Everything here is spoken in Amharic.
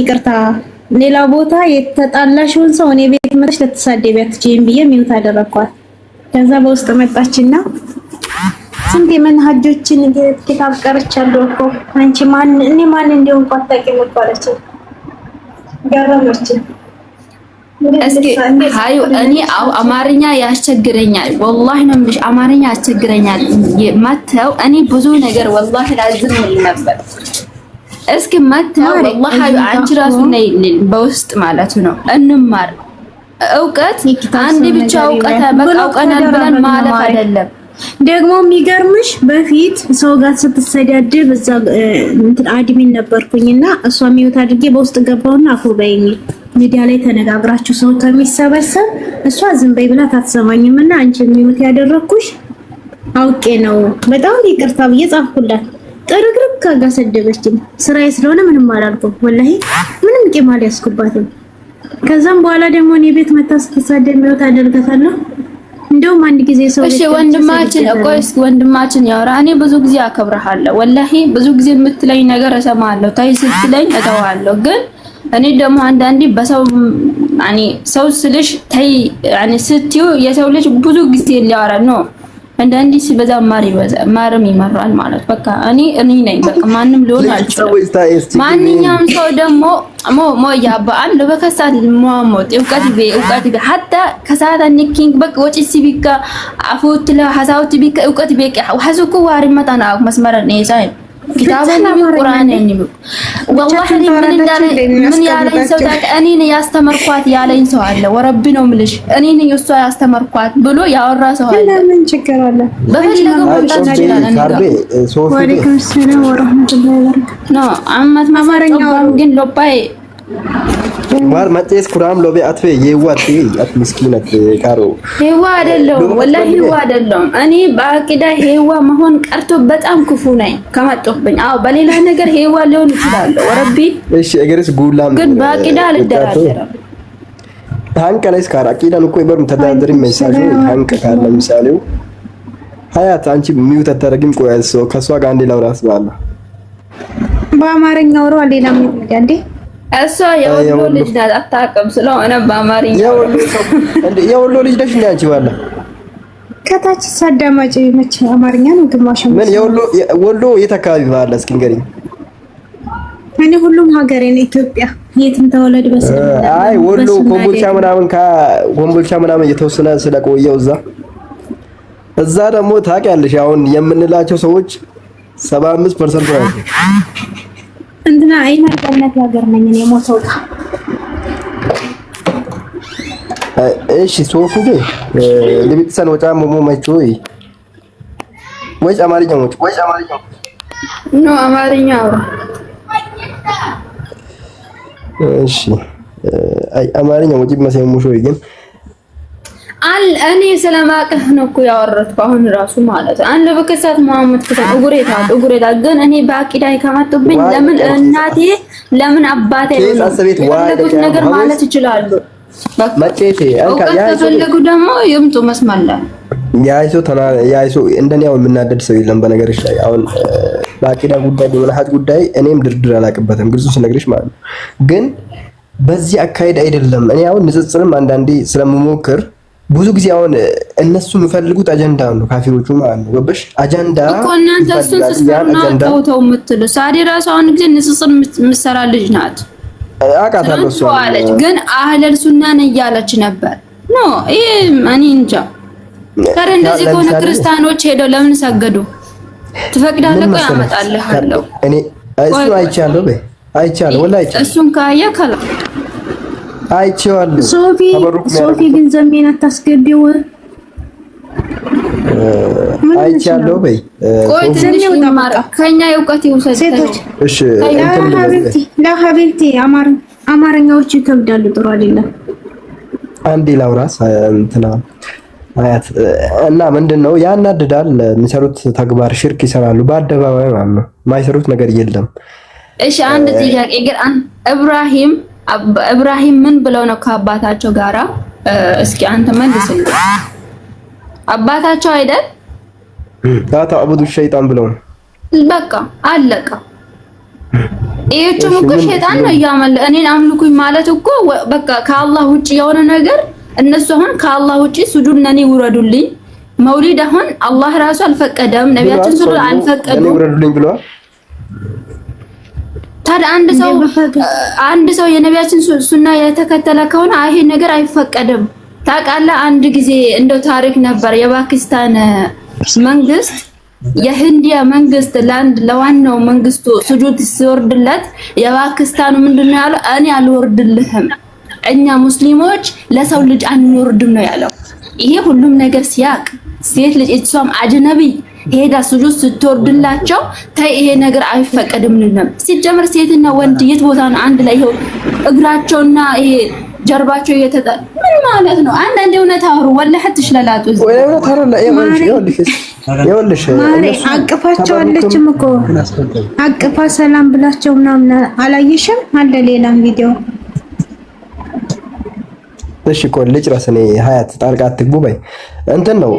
ይቅርታ ሌላ ቦታ የተጣላሽውን ሰው እኔ ቤት መጥተሽ ልትሳደቢ አትችይም ብዬ ሚውት አደረኳት። ከዛ በውስጥ መጣችና ስንት የመንሃጆችን ኪታብ ቀርቻለሁ እኮ አንቺ ማን እኔ ማን እንደው እንኳን አታውቂም እኮ አለችኝ። እስኪ ሀዩ እኔ አማርኛ ያስቸግረኛል፣ ወላሂ ነው የምልሽ፣ አማርኛ ያስቸግረኛል። መተው እኔ ብዙ ነገር ወላሂ ላዝም ነበር እስኪ መታ والله አንቺ ራሱ ነይ በውስጥ ማለት ነው እንማር። እውቀት አንድ ብቻ እውቀት ብለን ማለፍ አይደለም። ደግሞ የሚገርምሽ በፊት ሰው ጋር ስትሰዳደብ እዛ እንትን አድሚን ነበርኩኝና እሷ የሚወት አድርጌ በውስጥ ገባውና አፉ በይኝ ሚዲያ ላይ ተነጋግራችሁ ሰው ከሚሰበሰብ እሷ ዝም በይ ብላት አንቺ የሚወት ያደረኩሽ አውቄ ነው። በጣም ይቅርታ ብዬ ጻፍኩላት። ጥርግርግ ካጋ ሰደበችኝ። ስራዬ ስለሆነ ምንም አላልኩም። ወላሂ ምንም ቂም አልያዝኩባትም። ከዛም በኋላ ደግሞ እኔ ቤት መታ ስትሳደብ ነው አደርጋታለሁ። እንደውም አንድ ጊዜ ሰው እሺ፣ ወንድማችን ቆይ እስኪ ወንድማችን ያወራ። እኔ ብዙ ጊዜ አከብረሃለሁ። ወላሂ ብዙ ጊዜ የምትለኝ ነገር እሰማለሁ። ታይ ስትለኝ እተዋለሁ። ግን እኔ ደግሞ አንዳንዴ በሰው ያኔ ሰው ስልሽ ታይ ያኔ ስትዩ የሰው ልጅ ብዙ ጊዜ ሊያወራ ነው እንደ እንዲህ በዛ ማር ይበዛ ማርም ይመራል ማለት በቃ እኔ እኔ ነኝ በቃ ማንም ሊሆን አልችልም። ማንኛውም ሰው ደግሞ ሞ ሞ ያባ አንድ በከሳት ሞሞ እውቀት ቤ እውቀት ቤ ሀታ ከሳታ አንኪንግ በቃ ወጪ ሲቢካ አፉት ለሐሳውት ቢካ እውቀት ቤ ሐሱኩ ዋሪመታና መስመረ ነይ ሳይ ኪታበና ቁርአን ነኝ ወላሂ ምን ያለኝ ሰው እኔን ያስተመርኳት ያለኝ ሰው አለ። ወረቢ ነው የምልሽ እኔን እሷ ያስተመርኳት ብሎ ያወራ ሰው አለ። ምን ችግር አለ? በፈለገው መምጣት ይችላል። አማት ማማረኛው ግን ሎባይ ማር መጤስ ኩራም ሎቤ አትፌ የዋት አት ምስኪነት ካሮ ሄዋ አይደለሁም፣ ወላሂ ሄዋ አይደለሁም። እኔ በአቂዳ ሄዋ መሆን ቀርቶ በጣም ክፉ ነኝ ከመጡብኝ። አዎ በሌላ ነገር ሄዋ ሊሆን ይችላል። ወረቢ እሺ፣ እገርስ ጉላም ግን በአቂዳ አልደራደርም። ታንከ ላይስ ካራ አቂዳን እኮ ይበሩ ተዳደሪ ሜሳጅ ታንከ ካለ ምሳሌው ሀያት አንቺ ሚውት አታረግም። ቆያል ሰው ከሷ ጋር እንዴ ላውራስ ባላ በአማርኛ ወሮ ሌላ ምን እንዴ እሷ የወሎ ልጅ ናት፣ አታውቅም ስለሆነ በአማርኛ የወሎ ልጅ ነሽ። እንደ አንቺ ባለ ከታች ሳዳማጭ መቼ አማርኛ ነው ግማሽ። ምን የወሎ ወሎ የት አካባቢ ባለ? እስኪ ንገሪኝ። እኔ ሁሉም ሀገሬ ነው ኢትዮጵያ፣ የትም ተወለድ በስ አይ ወሎ ኮምቦልቻ ምናምን ኮምቦልቻ ምናምን እየተወሰነ ስለቆየው እዛ እዛ ደግሞ ታውቂያለሽ፣ አሁን የምንላቸው ሰዎች 75% ነው እንትና አይና ገነት ያገር ነኝ እኔ ሞተው። እሺ ሶፉ ገ ለብትሰን ወጫ ሞሞ ወይ ወይስ አማርኛ ሞቹ ወይስ አማርኛ ኖ አማርኛ አውራ። እሺ አይ አማርኛ ወጪ መሰይ ሙሾ ይገን እኔ ስለማቅህ ነው እኮ ያወራሁት። አሁን ራሱ ማለት አንድ በከሳት መሐመድ ከተማ እጉሬታ እጉሬታ ግን እኔ በአቂዳይ ከመጡብኝ ለምን እናቴ ለምን አባቴ ለምን ነገር ማለት ይችላሉ። መጤቴ እውቀት ከፈለጉ ደግሞ ይምጡ። መስማላ ላይ ያይሱ ተና ያይሱ እንደኔ አሁን የምናደድ ሰው የለም። በነገርሽ ላይ አሁን በአቂዳ ጉዳይ በመልሃት ጉዳይ እኔም ድርድር አላውቅበትም። ግልጹ ስነግርሽ ማለት ነው። ግን በዚህ አካሄድ አይደለም። እኔ አሁን ንጽጽርም አንዳንዴ ስለምሞክር ብዙ ጊዜ አሁን እነሱ የሚፈልጉት አጀንዳ ነው፣ ካፊሮቹ ማለት ነው። ገበሽ አጀንዳ እኮ እናንተ እሱን ስትሰሩና ተው ተው የምትሉ ሳዲ ራሱ አሁን ጊዜ ንጽጽር የምትሰራ ልጅ ናት። አውቃታለሁ እሱ አለች፣ ግን አህለል ሱና ነኝ እያለች ነበር። ኖ ይሄ እኔ እንጃ። ታዲያ እንደዚህ ከሆነ ክርስቲያኖች ሄደው ለምን ሰገዱ? ትፈቅዳለህ ቆይ ያመጣልህ አለው። እኔ እሱ አይቻለሁ በይ አይቻለሁ ወላሂ እሱን ካየ ከላ አይቼዋለሁ። ሶፊ ሶፊ ግን ዘሜን አታስገቢው። አይቻለሁ በይ ቆይ ትንሽ ተማራ ከኛ የእውቀት ይውሰድ። እሺ ለሀቢብቲ አማርኛዎች ይከብዳሉ፣ ጥሩ አይደለም። አንዴ ላውራስ እንትና አያት እና ምንድን ነው ያናድዳል። የሚሰሩት ተግባር ሽርክ ይሰራሉ በአደባባይ ማለት ነው። የማይሰሩት ነገር የለም። እሺ አንድ ጥያቄ ግን ኢብራሂም እብራሂም ምን ብለው ነው ከአባታቸው ጋራ? እስኪ አንተ መልስልኝ። አባታቸው አይደል ታታዕቡዱ ሸይጣን ብለው ነው። በቃ አለቀ። ይህችም እኮ ሸይጣን ነው እያመለ እኔን አምልኩኝ ማለት እኮ በቃ ከአላህ ውጭ የሆነ ነገር እነሱ አሁን ከአላህ ውጭ ሱጁድ ነኒ ውረዱልኝ መውሊድ አሁን አላህ ራሱ አልፈቀደም፣ ነቢያችን ስለ አልፈቀዱ ብለዋል። ታዲያ አንድ ሰው አንድ ሰው የነቢያችን ሱና የተከተለ ከሆነ ይሄ ነገር አይፈቀድም። ታውቃለህ፣ አንድ ጊዜ እንደው ታሪክ ነበር። የፓኪስታን መንግስት የህንዲያ መንግስት ለአንድ ለዋናው መንግስቱ ስጁድ ሲወርድለት የፓኪስታኑ ምንድነው ያለው? እኔ አልወርድልህም፣ እኛ ሙስሊሞች ለሰው ልጅ አንወርድም ነው ያለው። ይሄ ሁሉም ነገር ሲያቅ ሴት ልጅ እሷም አጅነቢ የሄዳ ስጁድ ስትወርድላቸው ተይ ይሄ ነገር አይፈቀድም ልንም ሲጀምር ሴትና ወንድ የት ቦታ ነው አንድ ላይ ይሄው እግራቸውና ይሄ ጀርባቸው እየተጠ ምን ማለት ነው? አንዳንዴ እውነት አውሩ ወላሂ ትሽላላጡ ወይ እውነት አውሩ ይኸውልሽ አቅፋቸዋለችም እኮ አቅፋ ሰላም ብላቸው ምናምን አላየሽም? አለ ሌላም ቪዲዮ እሺ እኮ ልጭረስ እኔ ሀያት ጣልቃ አትግቡ በይ እንትን ነው